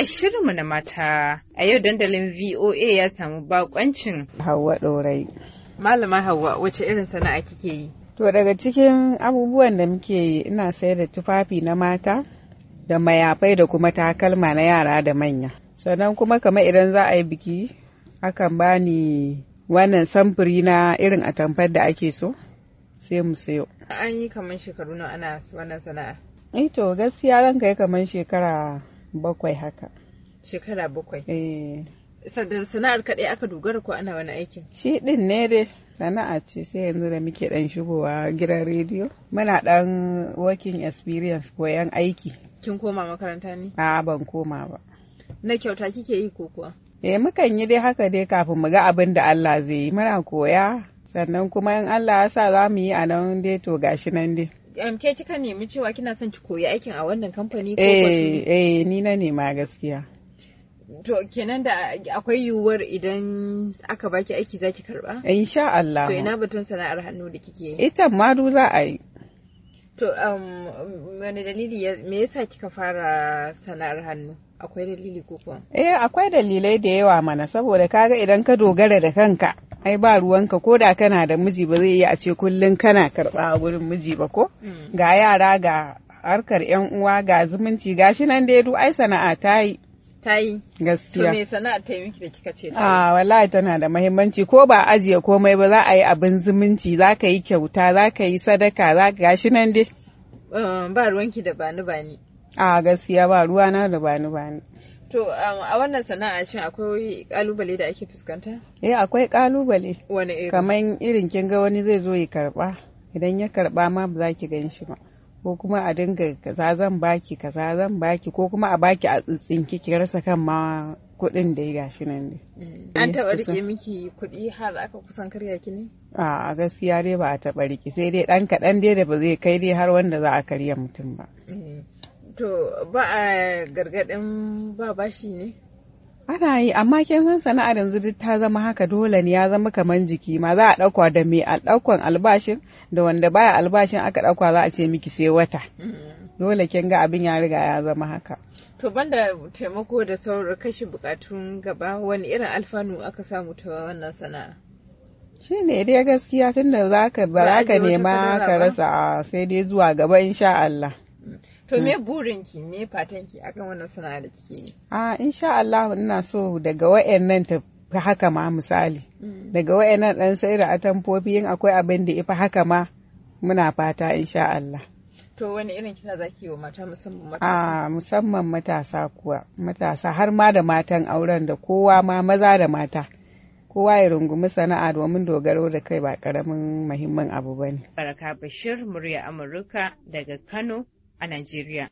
A shirinmu na mata a yau dandalin VOA ya samu bakoncin Hauwa Ɗorai. Malama Hauwa wace irin sana'a kike yi? To daga cikin abubuwan da muke yi ina sayar da tufafi na mata da mayafai da kuma takalma na yara da manya. Sannan kuma kamar idan za a yi biki akan bani wannan samfuri na irin atamfar da ake so sai mu sayo. An yi kamar shekaru na ana wannan sana'a. Eh to gaskiya zan kai kamar shekara bakwai haka shekara bakwai eh Sada sana'ar kaɗai aka dogara ko ana wani aikin shi ɗin ne dai sana'a ce sai yanzu da muke ɗan shigowa gidan rediyo muna ɗan working experience yan aiki kin koma makaranta ne a ban koma ba na kyauta kike yi ko kuwa eh mukan yi dai haka dai kafin mu ga abin da Allah zai yi muna koya sannan kuma in Allah ya sa za mu yi a nan dai to gashi nan dai ke kika nemi cewa kina son ki koyi aikin a wannan kamfani ko eh eh ni na nema gaskiya to kenan da akwai yiwuwar idan aka baki aiki zaki karba insha Allah to ina batun sana'ar hannu da kike yi ita du za a yi to um wani dalili me yasa kika fara sana'ar hannu akwai dalili ko kuwa eh akwai dalilai da yawa mana saboda kaga idan ka dogara da kanka ai ba ruwanka ko da kana da miji ba zai iya a ce kullum kana karɓa a gurin miji ba ko mm. ga yara ga harkar yan uwa ga zumunci ga shi nan dai du ai sana'a ta yi ta yi gaskiya to me sana'a ta yi miki da kika ce ta ah wallahi tana da muhimmanci ko ba ajiye komai ba za a yi abin zumunci za ka yi kyauta za ka yi sadaka za ka gashi nan dai um, ba ruwanki da bani bani a gaskiya ba ruwana da bani bani To um, a wannan sana'a shin akwai kalubale da ake fuskanta? Eh akwai kalubale. Wani iri? Kamar irin kin ga wani zai zo ya karba idan ya karba ma ba za ki gan shi ba. Ko kuma a dinga kaza zan baki kaza zan baki ko kuma a baki a tsinki ki rasa kan ma kuɗin da ya gashi nan ne. Mm. An eh, taɓa rike miki kuɗi har aka kusan karya ki ne? A gaskiya dai ba a taɓa rike sai dai ɗan kaɗan dai da ba zai kai dai har wanda za a karya mutum ba. Mm. To ba a gargaɗin ba bashi ne? Ana yi amma kin san sana'ar yanzu duk ta zama haka dole ne ya zama kamar jiki ma za a ɗauka da mai ɗaukwan albashin da wanda baya albashin aka ɗauka za a ce miki sai wata. Mm-hmm. Dole kin ga abin ya riga ya zama haka. To banda taimako da sauran kashe bukatun gaba wani irin alfanu aka samu ta wannan sana'a? shi ne dai gaskiya tunda za ka nema ka rasa sai dai zuwa gaba insha Allah. To me hmm. burinki me fatanki akan wannan sana'a da kike yi? Ah insha Allah ina so daga wa'annan ta haka ma misali. Hmm. Daga wa'annan dan sai da atamfofi yin akwai abin da ifa haka ma muna fata insha Allah. To wani irin kina zaki yi wa mata musamman matasa? Ah musamman matasa kuwa matasa har ma da matan auren da kowa ma maza da mata. kowa ya rungumi sana'a domin dogaro da kai ba karamin muhimmin abu ba ne. Baraka Bashir, murya Amurka daga Kano, a Najeriya.